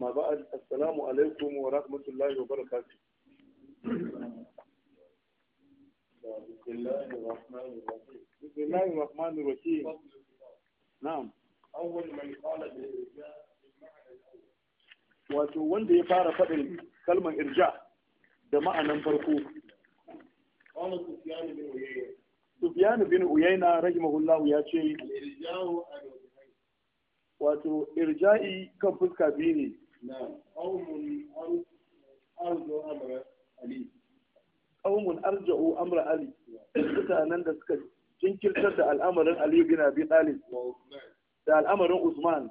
amma ba'ad assalamu alaikum wa rahmatullahi wa barakatuh بسم الله الرحمن الرحيم بسم الله الرحمن الرحيم نعم أول من قال wato wanda ya fara faɗin kalmar irja da ma'anan farko Sufyanu bin Uyayna rahimahullahu ya ce wato irja'i kan fuska biyu ne Ƙaumun arja'u amra Ali, mutanen da suka jinkirtar da al'amarin Ali bin Abi Talib da al'amarin Usman.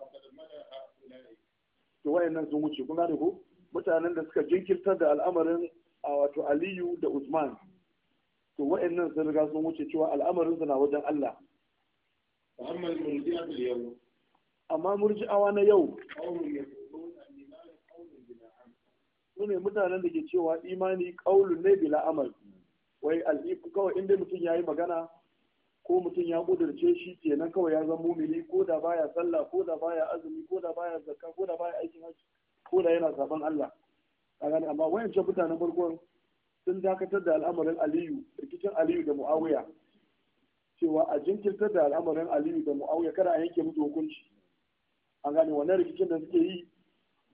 To wayannan sun wuce, kun da ku? Mutanen da suka jinkirtar da al'amarin a wato Aliyu da Usman. To wayannan sun riga sun wuce cewa al'amarin na wajen Allah. Amma murji'awa na yau. su ne mutanen da ke cewa imani ƙaulun ne bila amal wai al'iku kawai inda mutum ya yi magana ko mutum ya kudurce shi kenan kawai ya zama mumini ko da baya sallah ko da baya azumi ko da baya zakka ko da baya aikin hajji ko da yana saban Allah kaga amma wayancan mutanen farkon sun dakatar da al'amarin Aliyu rikicin Aliyu da Muawiya cewa a jinkirtar da al'amarin Aliyu da Muawiya kada a yanke musu hukunci an gane wannan rikicin da suke yi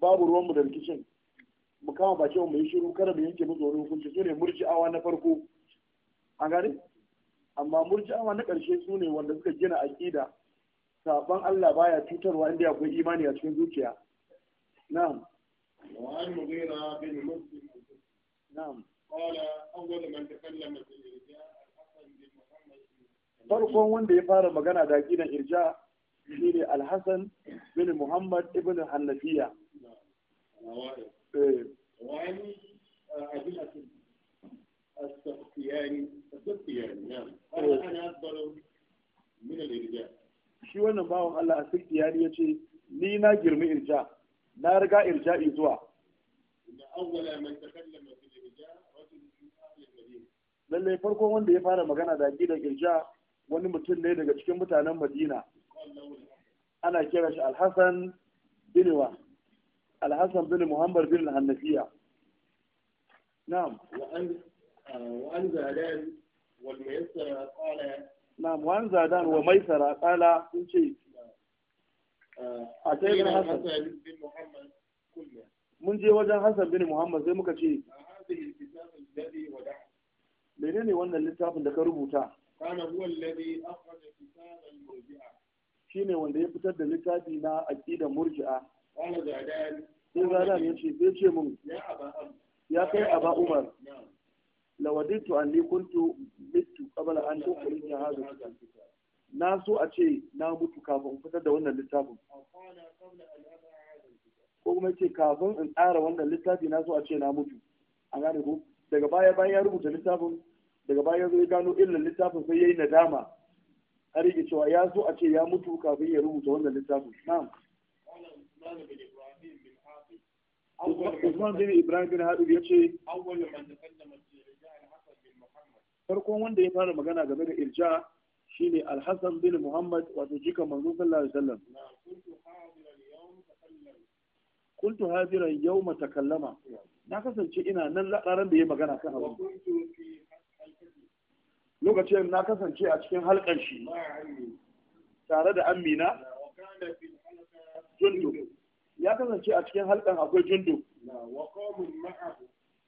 babu ruwanmu da rikicin mu kama bakin mu yi shiru kada mu yanke musu wani hukunci su ne murji'awa na farko a gani amma murji'awa na ƙarshe su ne wanda suka gina aƙida sabon Allah baya cutarwa inda akwai imani a cikin zuciya na'am farkon wanda ya fara magana da gidan irja shine alhassan bin muhammad ibn hannafiya Eh. Eh. shi wannan bawan Allah a sikiyari ya ce ni na girmi irja na riga irja'i zuwa lallai farko wanda ya fara magana da gidan irja wani mutum ne daga cikin mutanen madina ana kira shi alhassan binuwa الحسن بن محمد بن الحنفية نعم وأن وأن زهدان والميسر قال نعم وأن زهدان وميسر قال mun je wajen Hassan bin Muhammad sai muka ce menene wannan littafin da ka rubuta kana huwa shine wanda ya fitar da littafi na aqidar murji'a sai zadan ya ce zai ce mun ya kai aba umar lawadittu an kuntu mitu kabala an tukhrija hadha na so a ce na mutu kafin fitar da wannan littafin ko kuma ce kafin in tsara wannan littafi na so a ce na mutu a gane ko daga baya bayan ya rubuta littafin daga baya zo ya gano illan littafin sai ya yi nadama a rike cewa ya so a ce ya mutu kafin ya rubuta wannan littafin na'am Usman bin Ibrahim bin Habib ya ce, Farkon wanda ya fara magana game da irja shi ne Alhassan bin Muhammad wato jikan manzo sallallahu alaihi wasallam. Kuntu hadiran yau matakallama. Na kasance ina nan ranar da ya magana kan abu. Lokacin na kasance a cikin halkan shi tare da Amina. jundu ya kasance a cikin halkan akwai jundu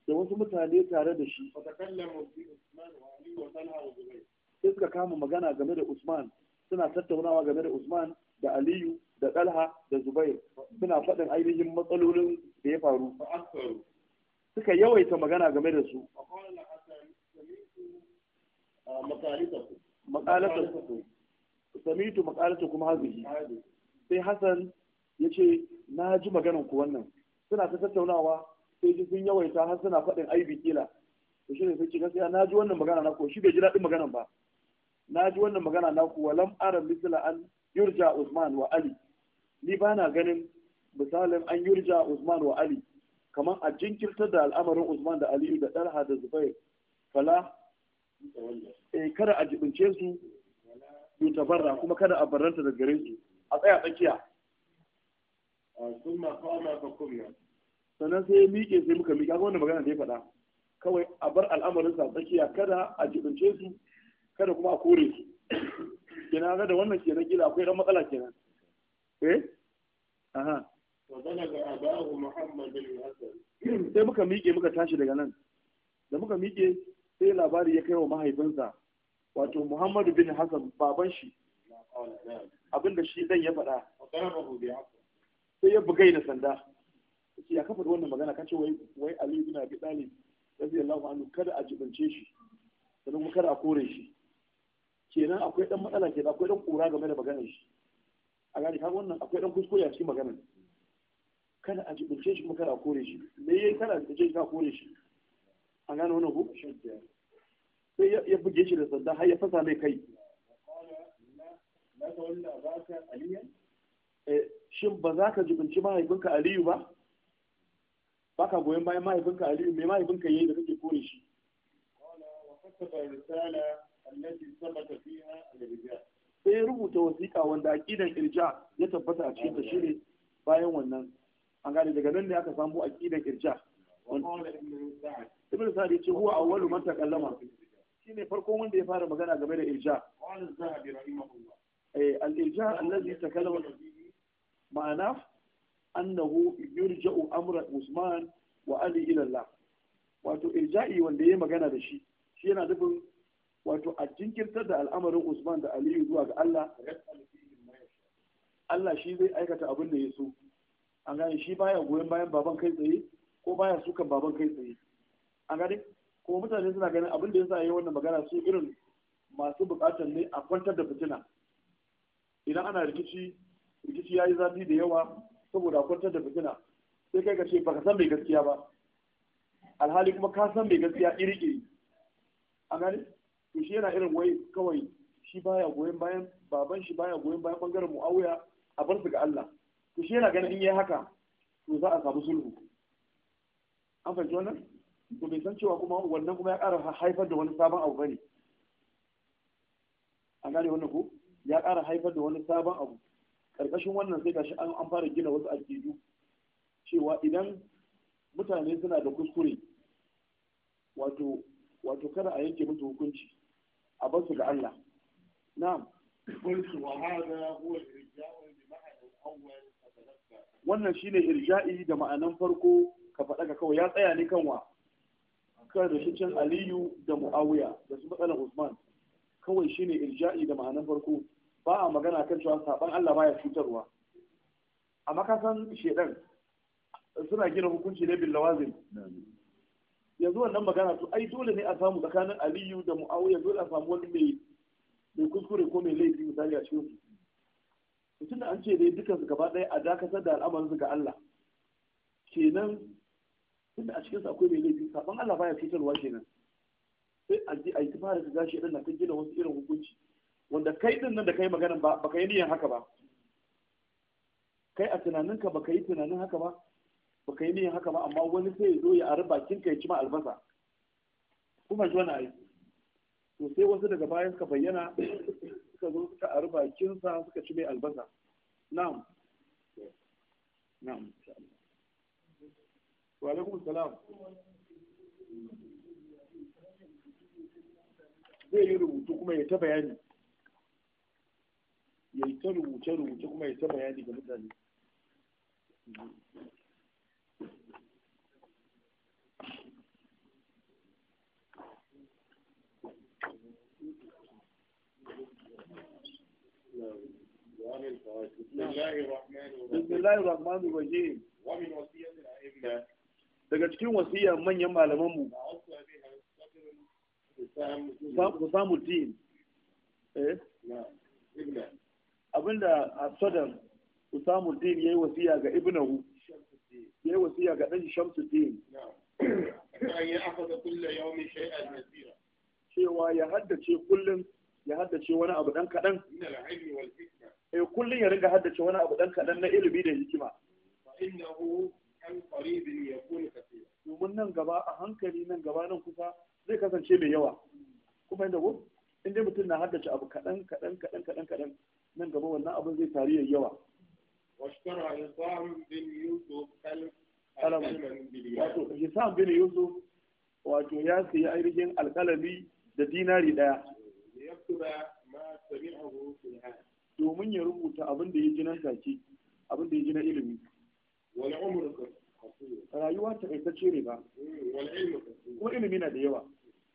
da wasu mutane tare da shi sai suka kama magana game da Usman suna tattaunawa game da Usman da Aliyu da Talha da Zubair suna faɗin ainihin matsalolin da ya faru suka yawaita magana game da su ah, samitu makalata kuma hazihi sai Hassan ya ce na ji maganan ku wannan suna ta tattaunawa sai ji sun yawaita har suna faɗin aibi kila to shi ne sai ki gaskiya na ji wannan magana naku shi bai ji daɗin maganan ba na ji wannan magana naku walam ara misla an yurja Usman wa Ali ni ba na ganin misalin an yurja Usman wa Ali kamar a jinkirtar da al'amarin Usman da Aliyu da Dalha da Zubair fala eh kada a jibince su barra. kuma kada a barranta da gare su a tsaya tsakiya summa qama fa kumna sannan sai ya miƙe sai muka miƙe ga wannan magana da ya faɗa kawai a bar al'amarin sa tsakiya kada a jibince su kada kuma a kore su kina ga da wannan kenan kila akwai dan matsala kenan eh aha wa balaga abahu muhammad bin hasan sai muka miƙe muka tashi daga nan da muka miƙe sai labari ya kai wa mahaifinsa wato muhammadu bin hasan baban shi abinda shi dan ya faɗa sai ya bugai da sanda ya kafa wannan magana ka ce wai wai Ali ibn Abi Talib Allahu anhu kada a jibance shi sannan kuma kada a kore shi kenan akwai dan matsala kenan akwai dan kura game da maganar shi a gani kaga wannan akwai dan kuskure a cikin maganar kada a jibance shi kuma kada a kore shi me yayi kada a jibance shi ka kore shi a gane wannan ko sai ya buge shi da sanda har ya fasa mai kai shin ba za ka jibinci mahaifinka aliyu ba ba ka goyon bayan mahaifinka aliyu mai mahaifinka yayi da kake kore shi sai rubuta wasiƙa wanda aƙidan irja ya tabbata a cikin Shi ne bayan wannan an gane daga nan ne aka samu aƙidan irja ibn sa'd yace huwa awwalu man takallama shine farkon wanda ya fara magana game da irja eh al-irja allazi takallama ma'ana annahu yurja'u amra usman wa ali ila Allah wato irja'i wanda ya magana da shi shi yana dubin wato a jinkirta da al'amarin usman da aliyu zuwa ga Allah Allah shi zai aikata abin da ya so an gane shi baya goyon bayan baban kai tsaye ko baya sukan baban kai tsaye an gane kuma mutane suna ganin abin da ya sa yi wannan magana su irin masu bukatar ne a kwantar da fitina idan ana rikici rikici ya yi zafi da yawa saboda kwantar da fitina sai kai ka ce baka san mai gaskiya ba alhali kuma ka san mai gaskiya iri-iri a gani to shi yana irin wai kawai shi baya goyon bayan baban shi baya goyon bayan bangaren mu'awiya a bar su ga Allah to shi yana ganin in yi haka to za a samu sulhu an fahimci wannan to bai san cewa kuma wannan kuma ya ƙara haifar da wani sabon abu bane an gane wannan ko ya ƙara haifar da wani sabon abu karkashin wannan sai gashi an fara gina wasu akidu cewa idan mutane suna da kuskure wato wato kada a yanke musu hukunci a basu ga Allah na'am qultu wa hada huwa irja'u bi wannan shine irja'i da ma'anan farko ka faɗa ka kawai ya tsaya ne kan wa kan rashicin aliyu da muawiya da su matsalar usman kawai shine irja'i da ma'anan farko ba a magana kan cewa saban Allah baya cutarwa a makasan shedan suna gina hukunci ne bin lawazin yanzu wannan magana to ai dole ne a samu tsakanin Aliyu da Muawiya dole a samu wani mai mai kuskure ko mai laifi misali a cikin su tunda an ce dai dukkan su gaba ɗaya a dakatar da al'amarin su ga Allah kenan tunda a cikin su akwai mai laifi saban Allah baya cutarwa kenan sai a ji a yi ta fara shiga shedan na ta gina wasu irin hukunci wanda kai din nan da kai maganin ba baka yi niyan haka ba kai a tunaninka baka yi tunanin haka ba baka yi niyan haka ba amma wani sai ya zo ya ari bakin ka ya ci ma albasa kuma ji wani aiki to sai wasu daga bayan suka bayyana suka zo suka ari bakin sa suka ci mai albasa na'am na'am wa alaikum salam zai yi rubutu kuma ya ta bayani ya yi ta rubuce-rubuce kuma ya ta bayani ga mutane daga cikin wasiya manyan malamanmu Samuddin eh abinda a sadar ya yayi wasiya ga ibnahu yayi wasiya ga dan shamsuddin an cewa ya haddace kullum ya haddace wani abu dan kadan eh kullum ya ringa haddace wani abu dan kadan na ilimi da hikima innahu an domin nan gaba a hankali nan gaba nan kusa zai kasance mai yawa kuma inda ko inda mutum na haddace abu kadan kadan kadan kadan kadan nan gaba wannan abin zai tari yawa واشترى هشام بن يوسف wato Hisam bin Yusuf wato ya sayi ainihin alkalami da dinari ɗaya. Domin ya rubuta abin da ya ji nan take, abin da ya ji na ilimi. Rayuwa ta kai ta ne ba. Hmm, kuma hmm. ilimi na da yawa.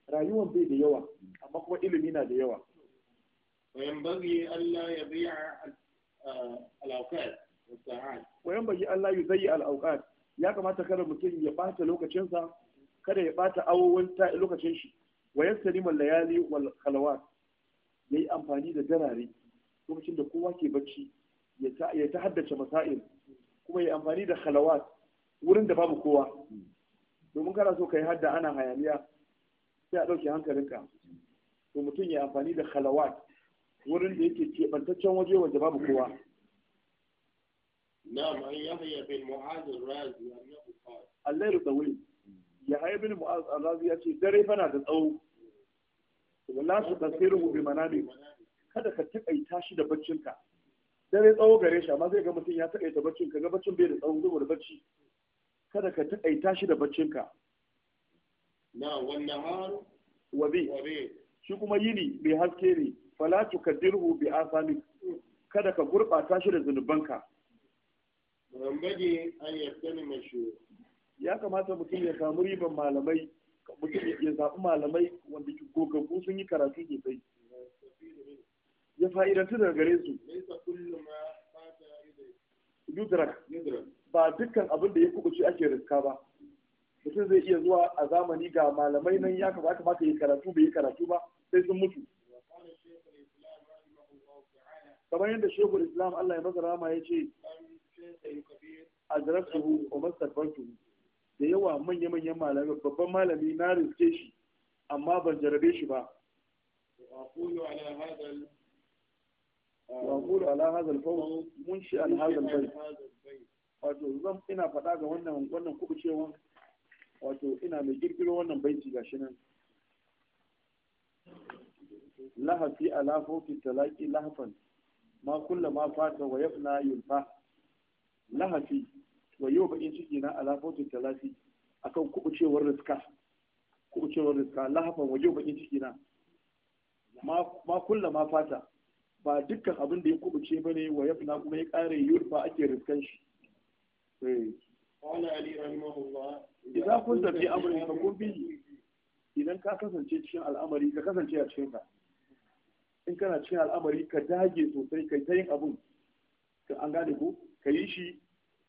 Rayuwan bai da yawa, amma kuma ilimi na da yawa. وينبغي ألا يضيع zai والساعات وينبغي ya kamata kada mutum ya bata lokacinsa kada ya bata awo lokacin shi wa yastari mal layali wal ya yi amfani da darare lokacin da kowa ke bacci ya ta haddace masail kuma ya amfani da khalawat wurin da babu kowa domin kana so ka yi hadda ana hayaniya sai a ɗauki hankalinka to mutum ya amfani da khalawat wurin da yake keɓantaccen waje wanda babu kowa na'am an yahya bin mu'az ar-razi annahu qala al-layl tawil yahya bin mu'az razi ya ce dare bana da tsawo wala su tasiru bi manami kada ka taƙaita shi da baccinka dare tsawo gare shi amma zai ga mutum ya taƙaita baccin ka ga baccin bai da tsawo saboda bacci kada ka taƙaita shi da baccinka na wannan har wabi shi kuma yini bai haske ne fala tukaddirhu bi asami kada ka gurbata shi da zunubanka rambaje an yaddani mashu ya kamata mutum ya samu riban malamai mutum ya zaɓi malamai wanda gogaggu sun yi karatu sai ya fa'idantu daga gare su yudrak ba dukkan abin da ya kubuce ake riska ba mutum zai iya zuwa a zamani ga malamai nan ya kamata ya karatu bai yi karatu ba sai sun mutu kamar yadda shekul islam Allah ya maza rama ya ce azraftuhu wa mastabbantuhu da yawa manya-manyan malamai babban malami na riske shi amma ban jarabe shi ba وأقول على هذا mun shi على هذا bai wato zan ina faɗa ga wannan wannan kubucewan wato ina mai girgiro wannan baiti gashi nan lahafi ala fawqi talaqi lahafan ما كل ma fata ويفنى ينفى لها في wa bakin ciki na الثلاثي talafi akan kubucewar riska kubucewar لها lahafan wa bakin ciki na ma ma fata ba dukkan abin da ya ce ba ne wa kuma ya kare yurfa ake riskan shi eh. idan kun tafi amurka kun bi idan ka kasance cikin al'amari ka kasance a cikin in kana cikin al'amari ka dage sosai kai ta yin abun ka an gane ko ka yi shi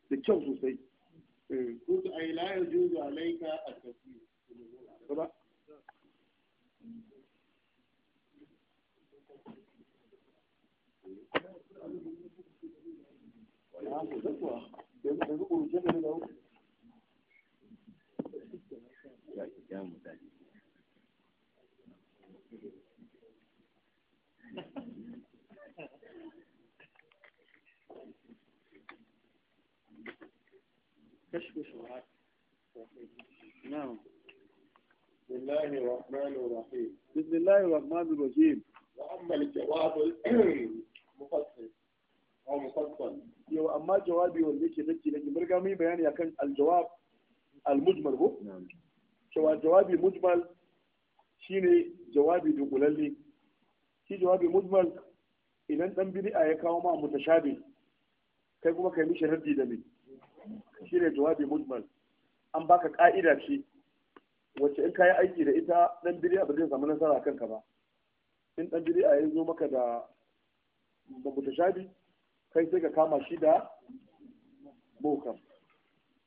da kyau sosai eh. ai ya والتشويشات نعم بسم الله الرحمن الرحيم بسم الله الرحمن الرحيم وأما الجواب المفصل أو مفصل يو أما جوابي والذيك ذكي لكي مرقا مين بياني أكن الجواب المجمل هو نعم شو جوابي مجمل shine jawabi dukulalle shi jawabi mujmal idan dan bid'a ya kawo ma mutashabi kai kuma kai mishi raddi da me ne jawabi mujmal an baka ka'ida ce wacce in kayi aiki da ita dan bid'a ba zai samu nasara kanka ba in dan bid'a ya zo maka da shabi, kai sai ka kama shi da bokam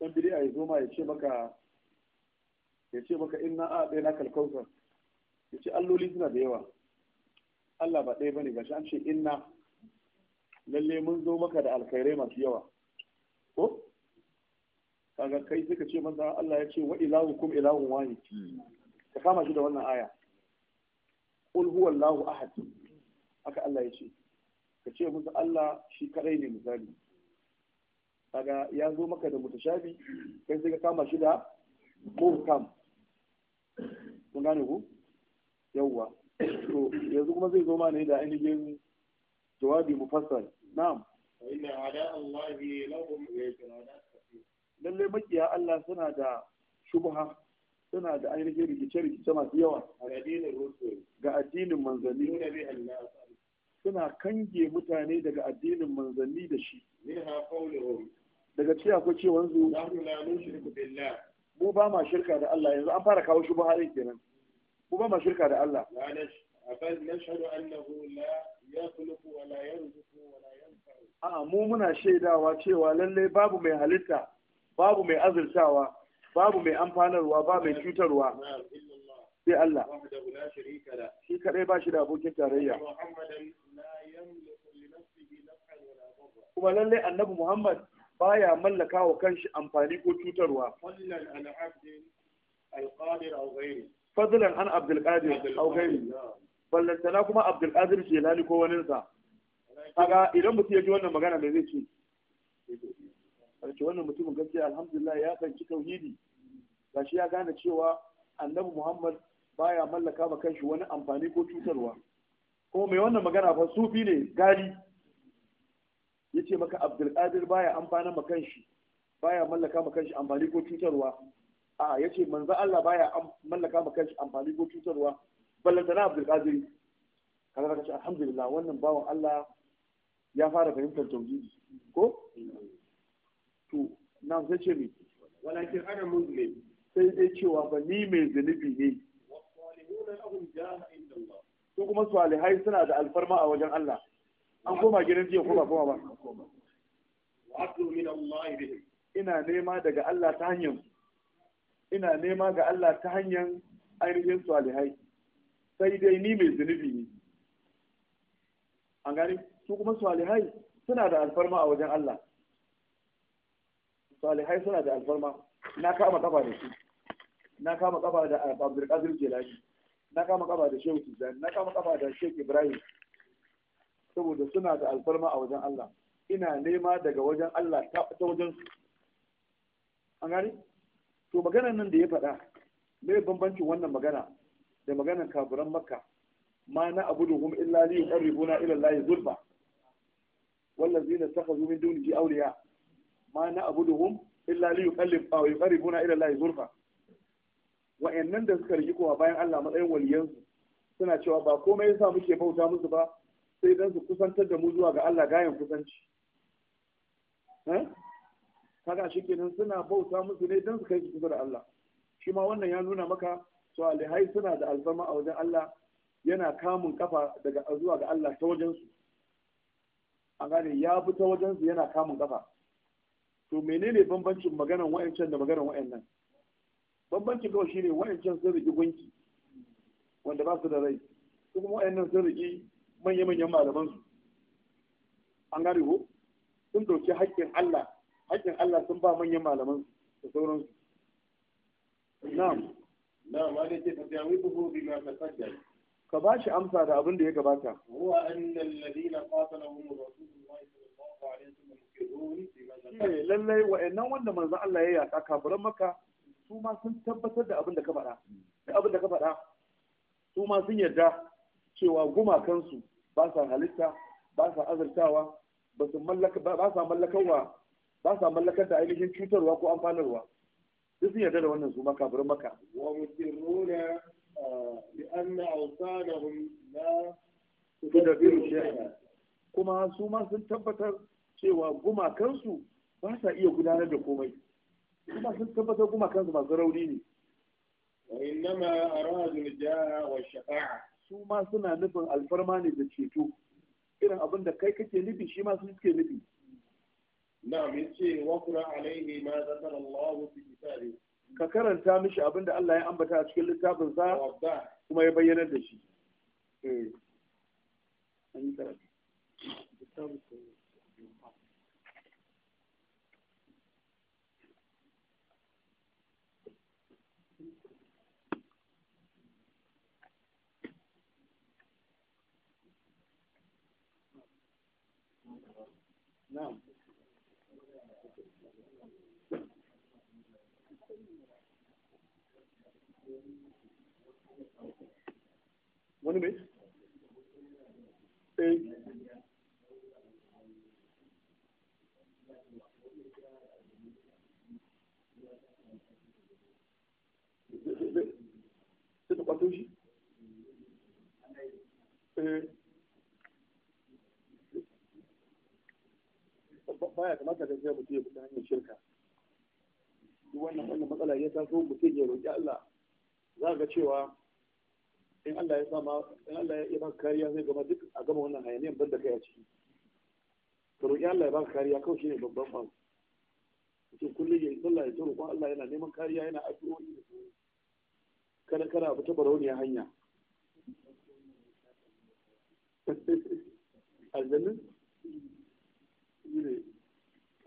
dan bid'a ya zo ma ya ce maka ya ce maka inna a ɗaya na kalkausar ya ce alloli suna da yawa Allah ba ɗaya bane gashi an ce inna lalle mun zo maka da alkhairai masu yawa ko kaga kai suka ce manzo Allah ya ce wa ilahukum ilahun wahid ka kama shi da wannan aya qul huwallahu ahad haka Allah ya ce ka ce musu Allah shi kadai ne misali kaga ya zo maka da mutashabi kai sai ka kama shi da muhkam kun gane ku yawwa to yanzu kuma zai zo ma ne da ainihin jawabi mufassal na'am inna ala allahi lahum iradatu lallai makiya Allah suna da shubha suna da ainihin rikice-rikice masu yawa ga addinin manzanni suna kange mutane daga addinin manzanni da shi daga cewa ko ce wanzu mu ba ma shirka da Allah yanzu an fara kawo shi buhari kenan mu ba ma shirka da Allah a'a mu muna shaidawa cewa lallai babu mai halitta babu mai azurtawa babu mai amfanarwa ba mai cutarwa sai Allah shi kadai ba shi da abokin tarayya kuma lallai annabi Muhammad baya mallaka wa kanshi amfani ko cutarwa fadlan an Abdul Qadir aw ghairi ballantana kuma Abdul Qadir ke lani ko waninsa kaga idan mutum ya ji wannan magana me zai ce kace wannan mutumin gaskiya alhamdulillah ya fahimci tauhidi shi ya gane cewa annabi Muhammad baya mallaka ma kanshi wani amfani ko cutarwa Ko mai wannan magana fa sufi ne gari yace maka Abdul Qadir baya amfana ma kanshi baya mallaka ma kanshi amfani ko cutarwa a yace manzo Allah baya mallaka ma kanshi amfani ko cutarwa ballantana Abdul Qadir kaga kace alhamdulillah wannan bawan Allah ya fara fahimtar tauhidi ko to na sai ne? walakin ana muslim sai dai cewa ba ni mai zunubi ne su kuma salihai suna da alfarma a wajen Allah an koma gidan jiya ko ba koma ba ina nema daga Allah ta hanyar ina nema ga Allah ta hanyar ainihin salihai sai dai ni mai zunubi ne an gani su kuma salihai suna da alfarma a wajen Allah salihai suna da alfarma na kama kafa da su na kama kafa da ah, abdulkadir jelani na kama kafa da shehu tijjani na kama kafa da shehu ibrahim saboda suna da alfarma a wajen allah ina nema daga wajen allah ta wajen su an gani to maganar nan da ya faɗa mai bambancin wannan magana da maganar kafiran makka ma na kuma illa li yuqarribuna ila allahi zulfa wallazina takhadhu min dunihi awliya ma na abuduhum illa li yuqallib aw yuqarribuna ila Allah zurfa nan da suka kowa bayan Allah matsayin waliyansu suna cewa ba komai yasa muke bauta musu ba sai dan su kusantar da mu zuwa ga Allah gayan kusanci eh? kaga shi nan suna bauta musu ne dan su kai su kusa da Allah shi ma wannan ya nuna maka to alihai suna da alfama a wajen Allah yana kamun kafa daga zuwa ga Allah ta wajensu. A gane ya bi ta wajensu yana kamun kafa to menene bambancin maganan wa'ancan da maganan wa'annan bambancin kawai shine wa'ancan sun rigi gunki wanda ba su da rai su kuma wa'annan sun rigi manya-manyan malaman su an gane ko sun dauki haƙƙin Allah haƙƙin Allah sun ba manyan malaman su da sauransu na'am na'am wani ce ta jami'u buhu bi ma tasaddaq ka ba shi amsa da abin da ya gabata huwa annal ladina qatalahum rasulullahi lallai wa'annan wanda manzon Allah ya yaka kafiran maka su ma sun tabbatar da abin da ka faɗa da abin da ka faɗa su ma sun yarda cewa gumakansu ba sa halitta ba sa azurtawa ba su mallaka ba sa mallakarwa ba sa mallakar da ainihin cutarwa ko amfanarwa duk sun yarda da wannan su ma kafiran maka wa musirruna ah, bi anna awsanahum la tudabiru shay'a kuma su ma sun tabbatar cewa gumakansu ba sa iya gudanar da komai kuma sun tabbatar gumakansu masu rauni ne wa innama aradu jaha wa shafa'a su ma suna nufin alfarma ne da ceto irin abin da kai kake nufi shi ma su suke nufi na'am yace wa qura alaihi ma zakara Allah fi kitabi ka karanta mishi abin da Allah ya ambata a cikin littafin sa kuma ya bayyana da shi eh an yi karatu Não. One minute. Eight. Você está com a baya kamata ka ga mutum ya fita hanyar shirka duk wannan wannan matsala ya taso mutum ya roƙi Allah za ga cewa in Allah ya sama in Allah ya baka kariya zai gama duk a gama wannan hayaniyan banda kai a ciki ka roƙi Allah ya baka kariya kawai shine babban abu mutum kullum ya yi sallah ya ta roƙon Allah yana neman kariya yana addu'o'i da su kada kada abu ta barauniya hanya aljannin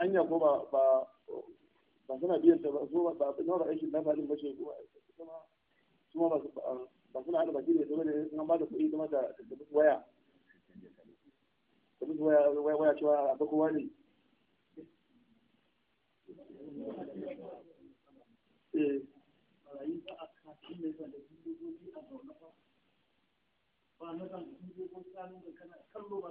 anya ko ba ba ba suna biyan ta ba ko ba ba aikin dafa din bace ko kuma kuma ba ba suna hada baki ne saboda ba da kuɗi kuma da waya kuma waya waya waya cewa akwai kowa ne eh. ba na kan kana kallo ba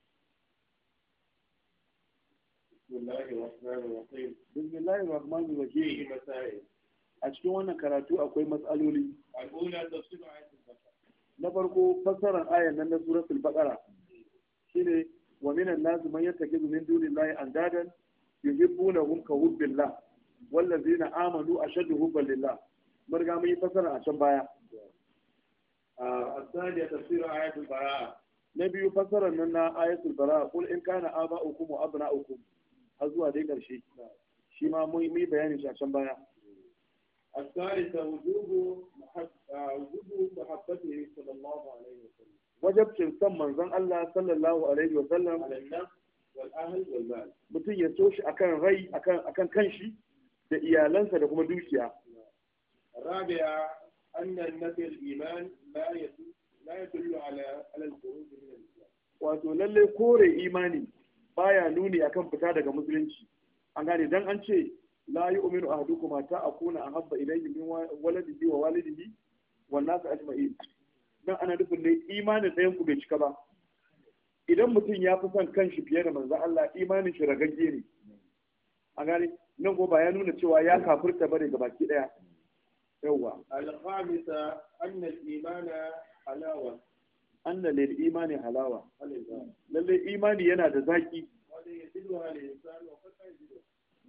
Bismillahir Rahmanir Rahim. A cikin wannan karatu akwai matsaloli. Na farko fassarar ayan nan na suratul Baqara shine wa minan nas man yattakhidhu min dunillahi andadan yuhibbunahum ka hubbillah wallazina amanu ashaddu hubban lillah. Mun ga mun fassara a can baya. الثانية تفسير آية البراءة نبي فسر أننا آية البراءة قل إن كان آباؤكم وأبناؤكم har zuwa dai ƙarshe shi ma mun yi bayanin shi a can baya الثالثة وجوب وجوب محبته صلى الله عليه وسلم وجب تنسم من ظن الله صلى الله عليه وسلم على النفس da iyalansa da kuma dukiya. Rabia annan nafil iman la yadullu ala al-khuruj min al-islam. Wato lalle kore imani baya nuni akan fita daga musulunci an gane dan an ce la yu'minu ahadukum ta akuna ahabba ilayhi min waladihi wa walidihi wan su ajma'i dan ana nufin ne imanin ɗayan ku bai cika ba idan mutum ya fi son kanshi fiye da manzo Allah imanin shi ragagge ne an gane nan ko ba ya nuna cewa ya kafirta bane ga baki daya yawwa al-khamisa anna al-imana halawa anna lil imani halawa lalle imani yana da zaki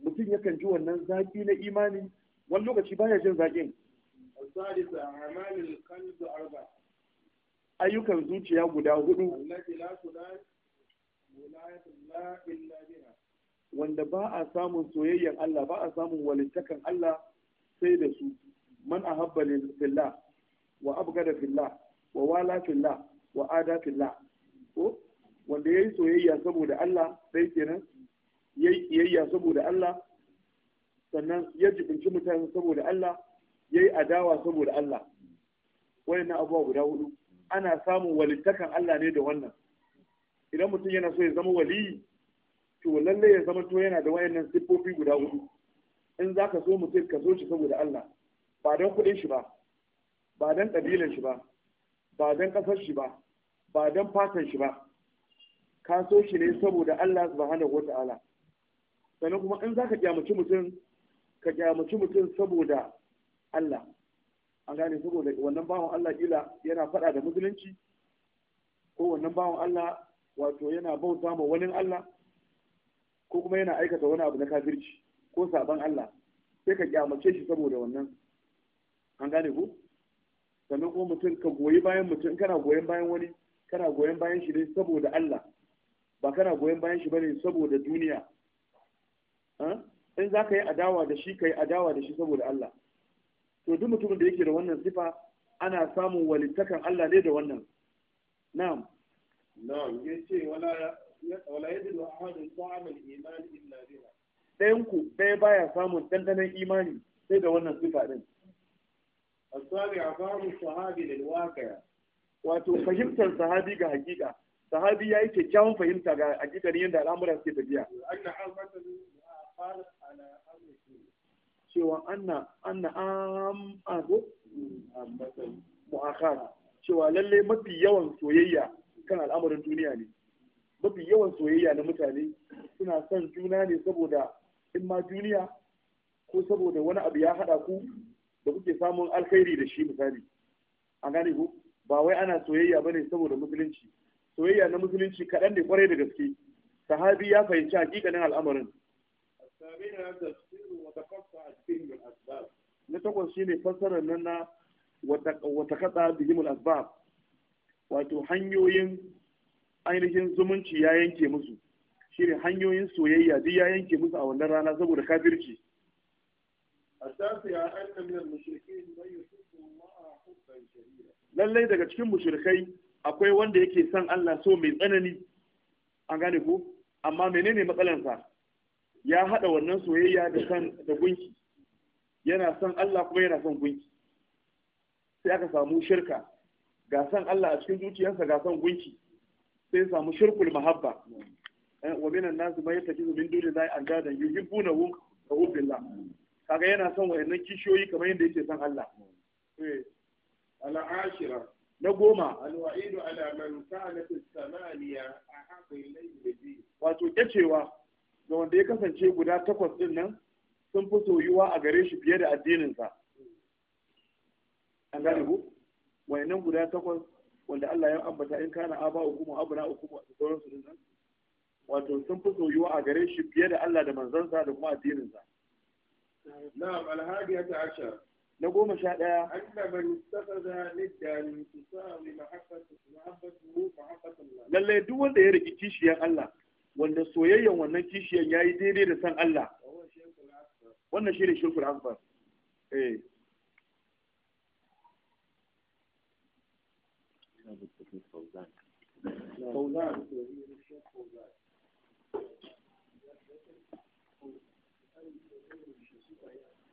mutum yakan ji wannan zaki na imani wani lokaci baya jin zakin ayyukan zuciya guda hudu wanda ba a samun soyayyan Allah ba a samun walittakan Allah sai da su man ahabba lillah wa abgada fillah wa wala fillah wa adatillah ko wanda yayi soyayya saboda Allah sai kenan yayi kiyayya saboda Allah sannan ya jibinci mutane saboda Allah yayi adawa saboda Allah na abubuwa guda hudu ana samun walittakan Allah ne da wannan idan mutum yana so ya zama waliyi to lalle ya zama to yana da wayannan siffofi guda hudu in za ka so mutum ka so shi saboda Allah ba don kuɗin shi ba ba don ƙabilan shi ba ba don kasar shi ba ba don fatan shi ba ka so shi ne saboda Allah subhanahu wata'ala sannan kuma in za ka kyamaci mutum ka kyamaci mutum saboda Allah an gane saboda wannan bawan Allah kila yana faɗa da musulunci ko wannan bawan Allah wato yana bauta ma wani Allah ko kuma yana aikata wani abu na kafirci ko saban Allah sai ka kyamace shi saboda wannan an gane ku sannan kuma mutum ka goyi bayan mutum kana goyon bayan wani kana goyon bayan shi ne saboda Allah ba kana goyon bayan shi bane saboda duniya ah? in za ka yi adawa da shi ka yi adawa da shi saboda Allah to duk mutumin da yake da wannan sifa ana samun walittakan Allah ne da wannan na'am na'am ce wala wala yadilu ahadun ta'am al-iman illa biha dayan ku ɗaya baya samun dandanan imani sai da wannan sifa din السابع فهم الصحابي للواقع wato fahimtar sahabi ga hakika sahabi ya yi kyakkyawan fahimta ga hakikanin yadda al'amuran suke tafiya cewa anna anna am ago mu'akhar cewa lalle mafi yawan soyayya kan al'amuran duniya ne mafi yawan soyayya na mutane suna son juna ne saboda in ma duniya ko saboda wani abu ya hada ku da kuke samun alkhairi da shi misali A gane ku ba wai ana soyayya bane saboda musulunci soyayya na musulunci kaɗan ne kwarai da gaske sahabi ya fahimci hakikanin al'amarin na takwas shi ne fassarar nan na wata katsa bihimul asbab wato hanyoyin ainihin zumunci ya yanke musu shi ne hanyoyin soyayya duk ya yanke musu a wannan rana saboda kafirci lallai daga cikin mushrikai akwai wanda yake son Allah so mai tsanani an gane ku. amma menene matsalansa ya hada wannan soyayya da san da gunki yana son Allah kuma yana son gunki sai aka samu shirka ga san Allah a cikin zuciyarsa ga son gunki sai samu shirkul mahabba wa minan nas man yattakizu min duni yuhibbu na yuhibbunahum ka hubbillah kaga yana son wayannan kishiyoyi kamar yadda yake son Allah eh, ashira na goma alwa'idu ala man kanat a samaniya ahaqqa da bi wato kecewa ga wanda ya kasance guda takwas din nan sun fi soyuwa a gare shi fiye da addininsa an gane ku wayannan guda takwas wanda Allah ya ambata in kana aba hukumu abuna hukumu da sauransu din nan wato sun fi soyuwa a gare shi fiye da Allah da manzansa da kuma addininsa na'am alhadiya ta ashar na goma sha ɗaya anna man ittakhadha liddan tusawi mahabbatu mahabbatu mahabbatu lalle duk wanda ya riki kishiyan Allah wanda soyayyen wannan kishiyan yayi daidai da san Allah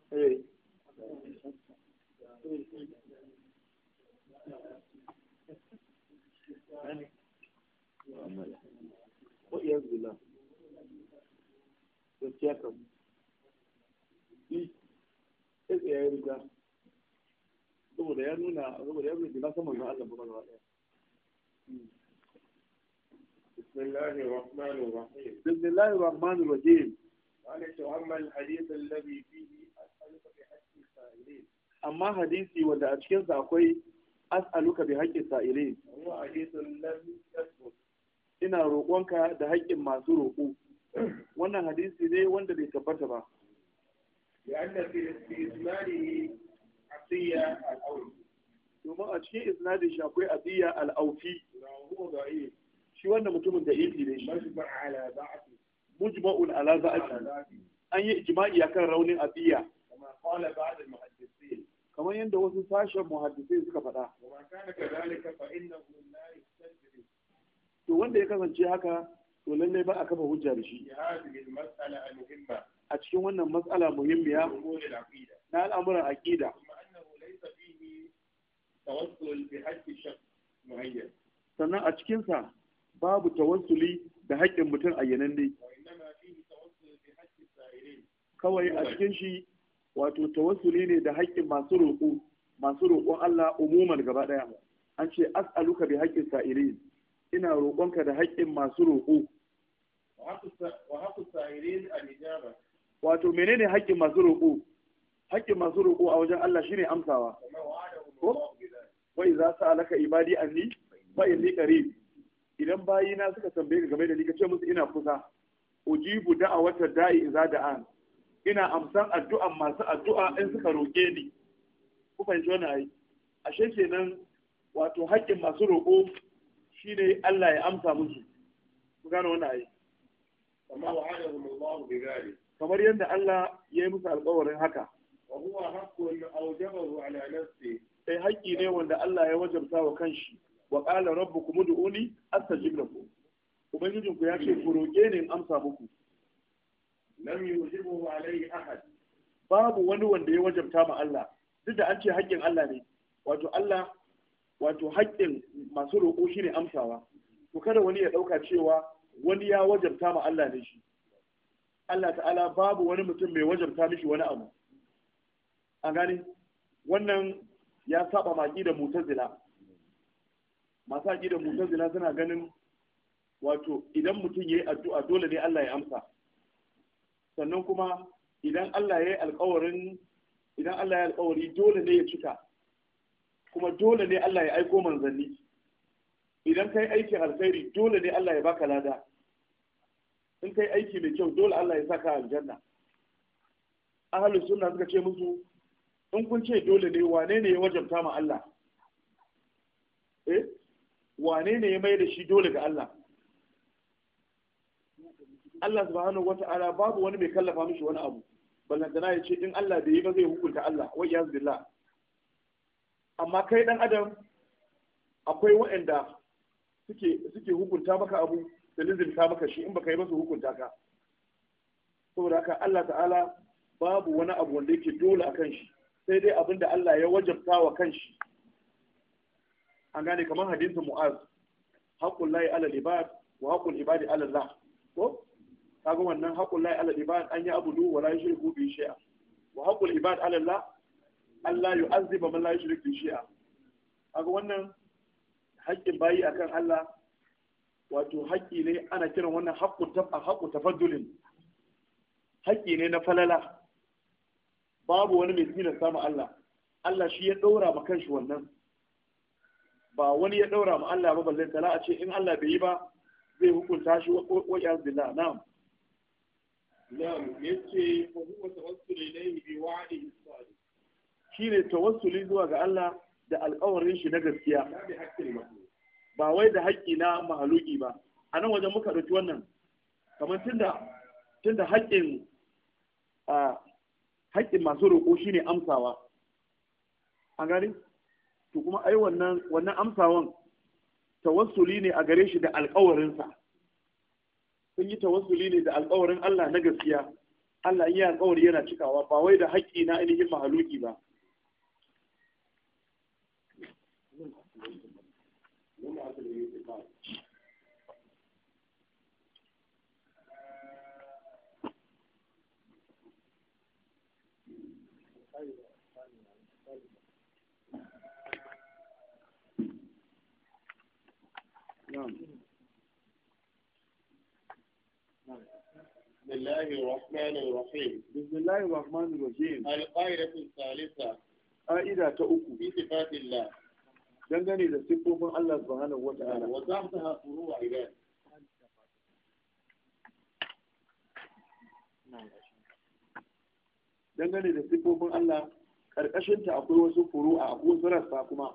Wa'iyar zula, gaskiya ya saboda ya nuna saboda ya nuna na saman Allah ba gaba daya bismillahir rahmanir amma hadisi wanda a cikinsa akwai as'aluka bi haƙƙin sa'ilin ina roƙonka da haƙƙin masu roƙo wannan hadisi ne wanda bai tabbata ba domin a cikin isnadin shi akwai abiya al'aufi shi wannan mutumin da ifi ne mujma'un ala za'ati an yi ijma'i akan raunin abiya kamar yadda wasu sashen muhaddisai suka faɗa to wanda ya kasance haka to lallai ba a kafa hujja da shi a cikin wannan matsala muhimmiya na al'amuran aqida sannan a cikinsa babu tawassuli da haƙƙin mutum a ne. kawai a cikin shi wato tawassuli ne da haƙƙin masu roƙo masu roƙon Allah umuman gaba ɗaya an ce as'aluka bi haƙƙin sa'irin ina roƙonka da haƙƙin masu roƙo wato menene haƙƙin masu roƙo haƙƙin masu roƙo a wajen Allah shine amsawa ko wai za su alaka ibadi anni fa inni qarib idan bayina suka tambaye ka game da ni ka ce musu ina kusa ujibu da'awata da'i idza da'an ina amsan addu'an masu addu'a in suka roƙe ni ku fahimci wani ayi. ashe kenan wato haƙƙin masu roƙo shine Allah ya amsa musu ku gane wani ayi. kamar yadda Allah ya yi musu alƙawarin haka wa huwa haqqun awjabahu ala nafsi sai eh, haƙƙi ne wanda Allah ya wajabta wa kanshi wa qala rabbukum ud'uni astajib lakum ubangijinku ya ce ku roƙe ni in amsa muku lam yujibu alayhi ahad babu wani wanda ya wajabta ma Allah duk da an ce haƙƙin Allah ne wato Allah wato haƙƙin masu roƙo shine amsawa to kada wani ya ɗauka cewa wani ya wajabta ma Allah ne shi Allah ta'ala babu wani mutum mai wajabta mishi wani abu a gane wannan ya saba maki da mutazila masu aƙi da mutazila suna ganin wato idan mutum ya yi addu'a dole ne Allah ya amsa sannan kuma idan Allah ya yi alkawarin idan Allah ya alƙawari dole ne ya cika kuma dole ne Allah ya aiko manzanni idan kai aikin alkhairi dole ne Allah ya baka lada in kai aiki mai kyau dole Allah ya saka aljanna ahlus sunna suka ce musu in kun ce dole ne wane ne ya wajabta ma Allah eh wane ne ya mai da shi dole ga Allah Allah subhanahu wata'ala babu wani mai kallafa mishi wani abu ballantana ya ce in Allah bai yi ba zai hukunta Allah wai ya billah amma kai dan adam akwai waɗanda suke suke hukunta maka abu da lizinta maka shi in baka yi ba su hukunta ka saboda haka Allah ta'ala babu wani abu wanda yake dole a kan shi sai dai abin da Allah ya wajabta wa kan shi an gane kamar hadisin mu'az haqqul layi ala ibad, wa haqqul ibadi ala Allah ko kaga wannan haƙul lahi ala ibad an yi abudu wa la yushriku bi shay'a wa haƙul ibad ala Allah Allah yu'azziba man la yushriku bi shay'a kaga wannan haƙƙin bayi akan Allah wato haƙƙi ne ana kiran wannan haƙƙu tafa haƙƙu tafaddulin haƙƙi ne na falala babu wani mai zina samu Allah Allah shi ya ɗaura ma kanshi wannan ba wani ya ɗaura ma Allah ba balle tala a ce in Allah bai yi ba zai hukunta shi wa iyaz na'am Na'am, yace fa huwa tawassul ilayhi bi wa'dihi salih. Shine tawassuli zuwa ga Allah da alƙawarin shi na gaskiya. Ba wai da haƙƙi na mahaluki ba. A nan wajen muka ɗauki wannan. Kamar tunda tunda haƙƙin haƙƙin masu roƙo shine amsawa. An gani? To kuma ai wannan wannan amsawan tawassuli ne a gare shi da alƙawarinsa. sun yi tawassuli ne da alƙawarin Allah na gaskiya Allah in yi alƙawari yana cikawa ba wai da haƙƙi na ainihin mahaluki ba بسم الله الرحمن الرحيم بسم الله الرحمن الرحيم القاعدة الثالثة قاعدة تأكو في صفات الله dangane da siffofin Allah subhanahu wa ta'ala wa zamtaha dangane da siffofin Allah karkashin akwai wasu furu'a akwai wasu rassa kuma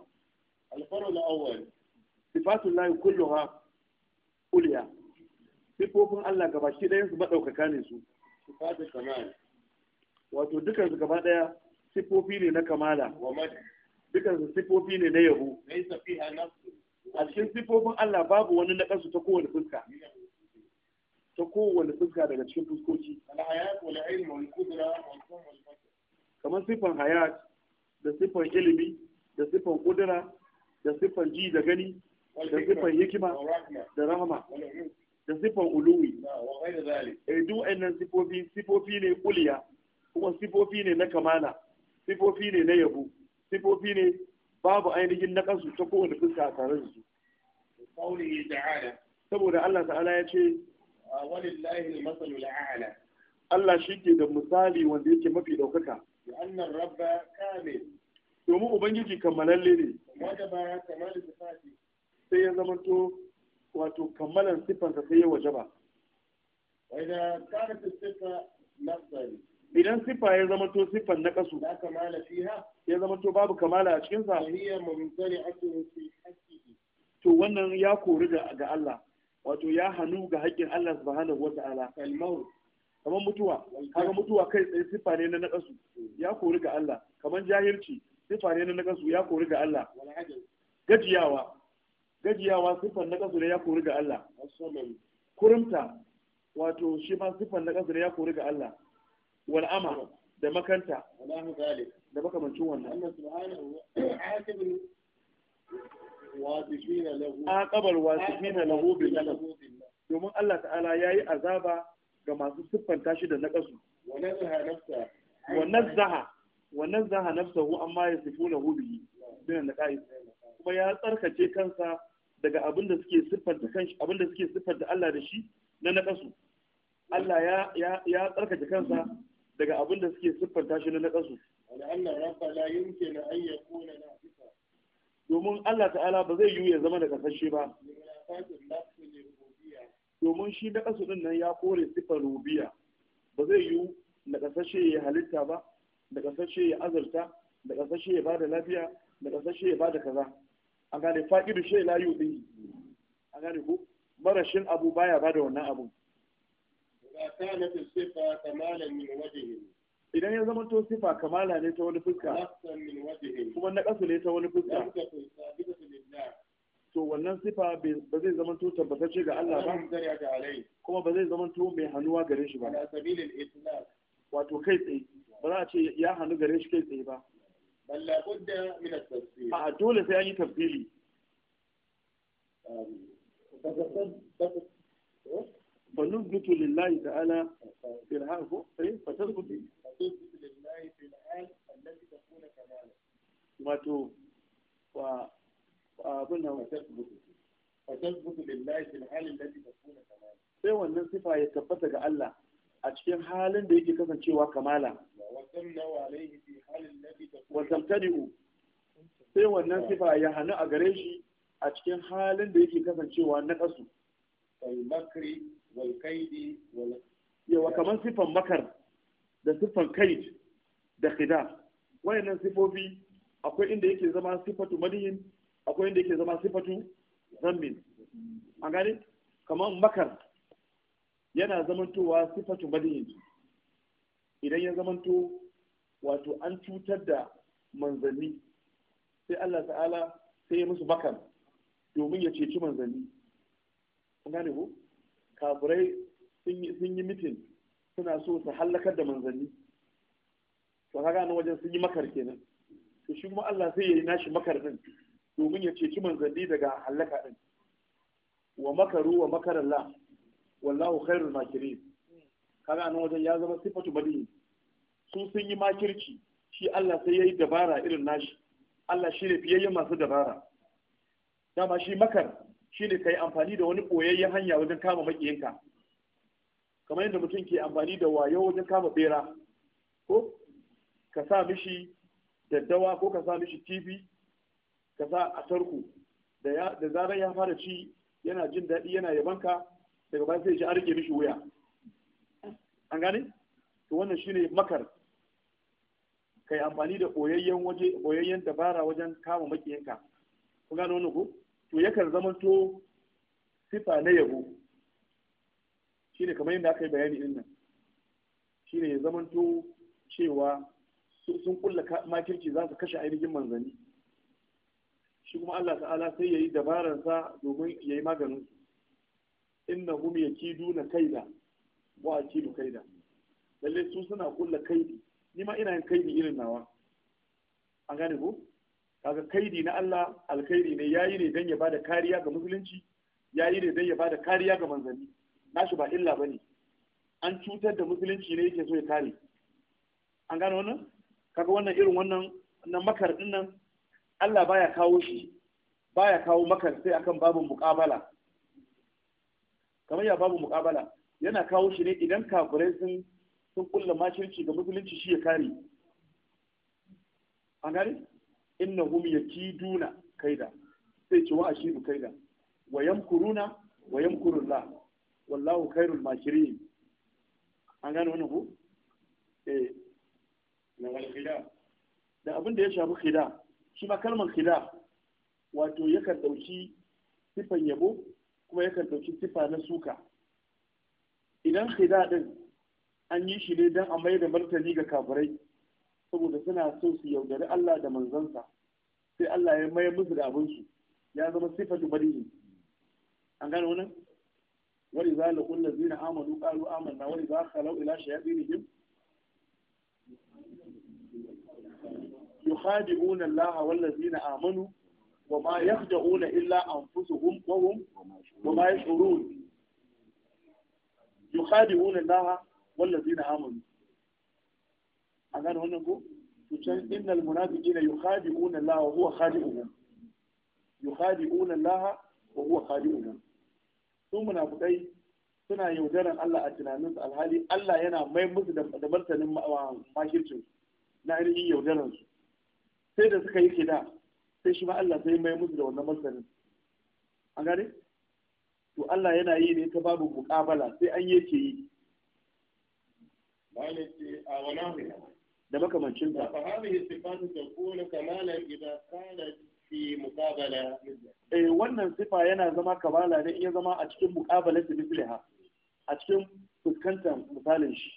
al-faru awwal sifatullahi kulluha uliya Sifofin Allah gaba shi ɗayan su maɗaukaka ne su sifatu kamala. wato dukan su gaba ɗaya sifofi ne na kamala dukan su ne na yabo a cikin sifofin Allah babu wani na ƙasa ta kowane fuska ta kowane fuska daga cikin fuskoki kamar siffan hayat da siffan ilimi da siffan kudura da siffan ji da gani da siffan hikima da rahama da siffar uluwi eh duk wa'annan sifofi sifofi ne kuliya kuma sifofi ne na kamala sifofi ne na yabo sifofi ne babu ainihin na kansu ta kowane fuska a tare da su saboda Allah ta'ala ya ce ala Allah shi ke da misali wanda yake mafi ɗaukaka. Annan rabba kamil. Domin Ubangiji kammalalle ne. Wanda ba kamar sifati. Sai ya zamanto wato kammalan siffansa sai ya waje ba. Idan kana siffa lafzari. Idan siffa ya zama to siffan na kasu. Ya kamala fiha. Ya zama to babu kamala a cikin sa. Hiya mumtari atun fi To wannan ya kori ga Allah. Wato ya hanu ga haƙƙin Allah subhanahu wa ta'ala. Kalmau. Kamar mutuwa, kaga mutuwa kai tsaye siffa ne na naƙasu, mm. ya kori ga Allah. Kamar jahilci siffa ne na naƙasu, ya kori ga Allah. Gajiyawa gajiyawa siffar na kasu da ya kori ga Allah kurumta wato shi ma siffar na kasu da ya kori ga Allah Wal'ama da makanta da makamancin wannan Allah subhanahu akibul wasifina lahu aqabal domin Allah ta'ala ya yi azaba ga masu siffanta shi da Wannan wa nazaha nafsa wa nazaha wa nazaha nafsahu amma yasifunahu bin naqais kuma ya tsarkace kansa daga abin da suke siffanta kanshi abin da suke siffanta Allah da shi na nakasu Allah ya ya ya tsarkake kansa daga abin da suke siffanta shi na nakasu domin Allah ta'ala ba zai yiwu ya zama da kasashe ba domin shi na kasu din nan ya kore siffar rubiya ba zai yiwu na kasashe ya halitta ba da kasashe ya azurta da kasashe ya bada lafiya da kasashe ya bada kaza an gane faƙidu shai layu yuɗi an gane ko marashin abu baya bada wannan abun idan ya zama to sifa kamala ne ta wani fuska kuma na ƙasa ne ta wani fuska to wannan sifa ba zai zama to tabbatacce ga Allah ba kuma ba zai zama to mai hannuwa gare shi ba wato kai tsaye ba za a ce ya hannu gare shi kai tsaye ba bal a dole sai an yi tafsiri فنثبت wannan sifa ya tabbata ga Allah a cikin halin da yake kasancewa kamala wa tamtani'u sai wannan sifa ya hannu a gare shi a cikin halin da yake kasancewa na kasu wal makri wal kaidi wal yawa kamar sifan makar da sifan kaid da khida wayannan sifofi akwai inda yake zama sifatu madihin akwai inda yake zama sifatu zammin an gane kamar makar yana zamantowa sifatu madihin idan ya zamanto wato an cutar da manzanni sai Allah ta'ala sai ya musu bakan domin ya ceci manzanni kun gane ko kafirai sun yi mitin suna so su hallakar da manzanni to kaga nan wajen sun yi makar kenan to shi kuma Allah sai ya yi nashi makar din domin ya ceci manzanni daga hallaka din wa makaru wa makarallah wallahu khairul makirin kaga nan wajen ya zama sifatu badi su sun yi makirci shi Allah sai ya yi dabara irin nashi Allah shi ne fiyayyen masu dabara dama shi makar shi ne ka yi amfani da wani ɓoyayyen hanya wajen kama maƙiyinka kamar yadda mutum ke amfani da wayo wajen kama bera ko ka sa mishi daddawa ko ka sa mishi TV ka sa a tarko da zarar ya fara ci yana jin daɗi yana yabanka daga baya sai ya ji an rike mishi wuya an gane to wannan shine makar kai amfani da koyayyen waje koyayyen dabara wajen kama makiyinka kun gano wannan ku? to yakan zamanto sifa na yabo shine kamar yadda aka yi bayani din nan shine ya zamanto cewa sun kulla makirci za su kashe ainihin manzani. shi kuma Allah ta'ala sai ya yi dabararsa domin ya yi maganin su inna hum yakiduna kaida wa akidu kaida lalle su suna kulla kaidi ni ma ina yin kaidi irin nawa an gane ko kaga kaidi na Allah alkhairi ne yayi ne dan ya bada kariya ga musulunci yayi ne dan ya bada kariya ga manzanni nashi ba illa bane an cutar da musulunci ne yake so ya kare an gane wannan kaga wannan irin wannan na makar din nan Allah baya kawo shi baya kawo makar sai akan babu muqabala kamar ya babu muqabala yana kawo shi ne idan kafirai sun sun kulla makirci ga musulunci shi ya kare an gane ya kiduna kaida sai ci wa ashiru kaida wa yamkuruna wa yamkurullah wallahu khairul makirin an gane wannan ku eh na wal khida da abin da ya shafi khida shi ma kalmar khida wato yakan dauki sifan yabo kuma yakan dauki sifa na suka idan khida din an yi shi ne don a mai da martani ga kafirai saboda suna so su yaudari Allah da manzansa sai Allah ya mai musu da abinsu ya zama sifatu ne. an gane wannan wani za la kulla zina amanu qalu amanna wani za khalau ila shayatinihim yukhadi'una laha, wal zina amanu wa ma una illa anfusuhum wa hum wa ma yash'urun yukhadi'una laha. wallazi na amanu an gane wannan ko to can innal munafiqina yukhadi'una Allah wa huwa khadi'uhum yukhadi'una Allah wa huwa khadi'uhum su munafiqai suna yaudaran Allah a tunaninsu alhali Allah yana mai musu da martanin makircin na ainihin yaudaran su sai da suka yi kida sai shi Allah sai mai da wannan martanin an gane to Allah yana yi ne ta babu muƙabala sai an yake yi a da makamancin ta sifatu kamala fi muqabala eh wannan sifa yana zama kamala ne iya zama a cikin a cikin fuskantar misalin shi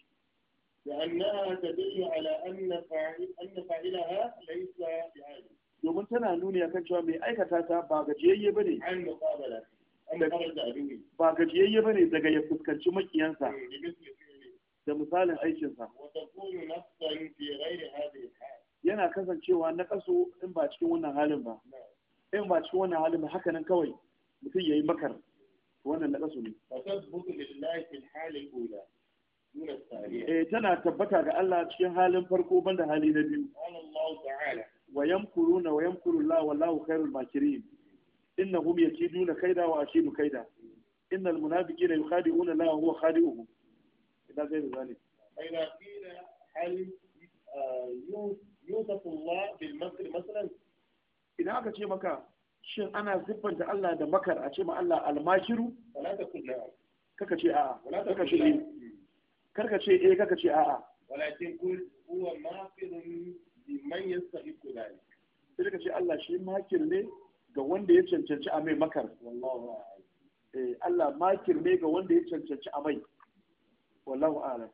domin tana nuni akan cewa mai aikata ta ba gajiyayye bane ba gajiyayye bane daga ya fuskanci makiyansa eh, da misalin aikinsa yana kasancewa na kaso in ba cikin wannan halin ba in ba cikin wannan halin ba haka nan kawai mutum ya yi makar wannan na kaso ne eh tana tabbata ga Allah cikin halin farko banda hali na biyu wa yamkuruna wa yamkuru Allah wallahu khairul makirin innahum yakiduna kaida wa akidu kaida innal munafiqina yukhadi'una Allah wa huwa khadi'uhum لا غير ذلك فإذا قيل هل يوصف الله بالمكر مثلا aka ce maka shin ana siffanta Allah da makar a ce ma Allah almakiru kaka ce a'a kaka ce eh karka ce eh kaka ce a'a walakin kul huwa makirun liman yastahiqu dhalik sai kaka ce Allah shi makir ne ga wanda ya cancanci a mai makar eh, Allah makir ne ga wanda ya cancanci a mai wallahu a'lam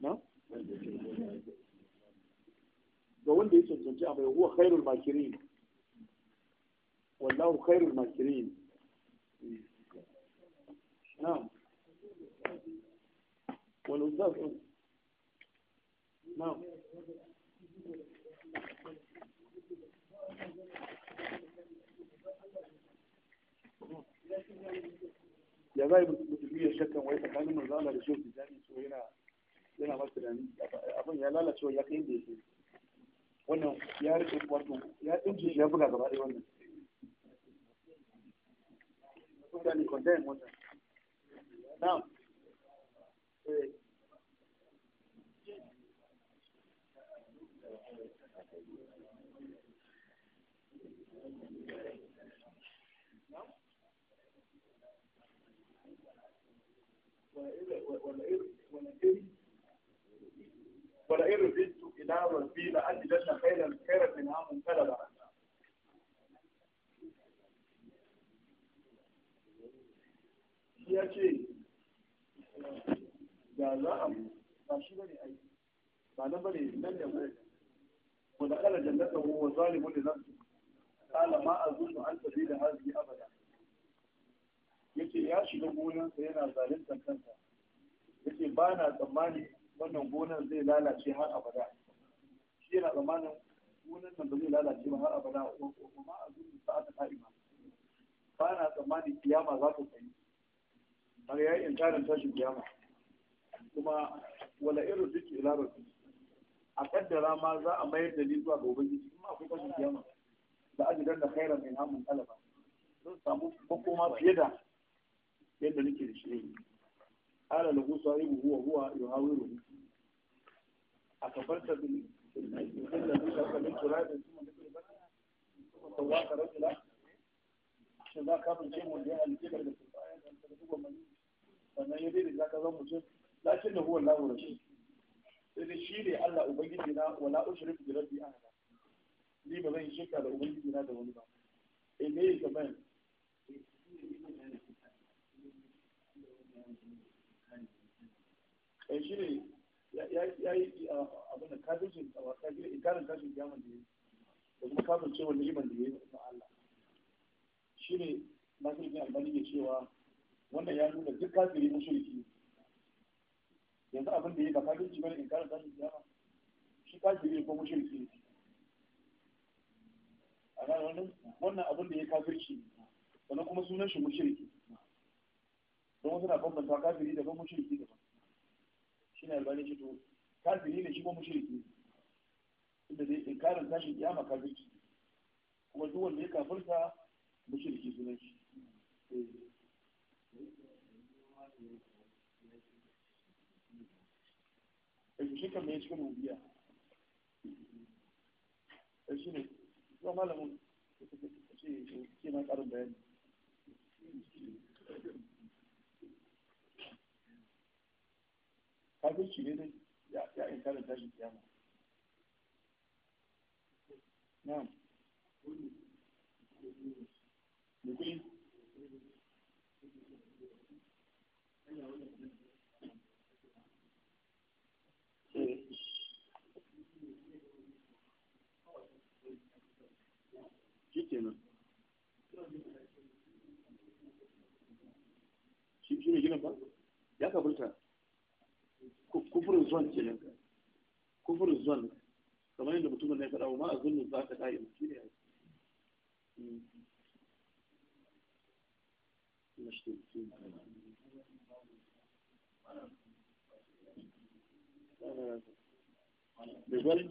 na ga wanda ya cancanci a mai huwa khairul makirin wallahu khairul makirin na'am wal ustaz na'am ya zai musulmi ya shakkan wai tsakanin manzo Allah da shehu tijani so yana yana masa tunani abin ya lalacewa ya kai inda yake wannan ya rike wato ya inji ya buga gaba ɗaya wannan mutane condemn wannan na wala irin rintu ila rabbi la ajidan na khairan ya ce da za a ba shi ne aiki ba na ne nan da mai wanda kala jannata wa zalimun li nafsi qala ma azunnu an tabida hadhihi abada yace ya shiga gonan yana zalunta kansa yace ba na tsammani wannan gonan zai lalace har abada shi yana tsammanin gonan nan ba zai lalace ba har abada kuma a zuwa sa'ata ta'ima ba na tsammanin kiyama za ta tsayi har ya yi inkarin tashin kiyama kuma wala irin duk ilarabi a kaddara ma za a mayar da ni zuwa gobe ubangiji kuma akwai tashin kiyama da ajidan da khairan min hamun talaba zan samu ko kuma fiye da yadda nake da shi ne. قال له صاحبه هو هو يهاوره أكبرت بالإنسان الذي شرك من تراب ثم سواك رجلا shin za ka fice mu da an da su da ta sannan ya daidai zaka mutum lakin da huwa lahu rashi sai shi ne Allah ubangiji na wala ushriku bi rabbi ahada ni ba zan shirka da ubangiji na da wani ba eh eh shi ne ya yi abin da kafircin a wasa gida ikarin kafin kiyaman da ya yi da kuma kafin cewa ni'imar da ya yi na Allah shi ne nasirin albani ke cewa wannan ya nuna duk kafiri shirki yanzu abin da ya ba kafirci bane ikarin kafin kiyama shi kafiri ko mushriki ne a ranar wannan abin da ya kafirci sannan kuma sunan shi mushriki don wasu na bambanta kafiri daban mushriki daban shine albani ce to kafiri ne shi ko mushriki inda dai inkarin tashin kiyama kafirci kuma duk wanda ya kafirta mushriki sunan shi eh shi kan mai cikin rubiya eh shi ne zuwa malamin ce ke na karin bayani kafirci ne dai ya inkarin tashin kiyama na'am da kuɗi eh. shi kenan ne gina ba ya kaburta kufurin zuwan kenan kufurin zuwan kamar yadda mutum ne faɗa dawo ma a zulmin za ka ɗaya hmm. shi ne bai gwarin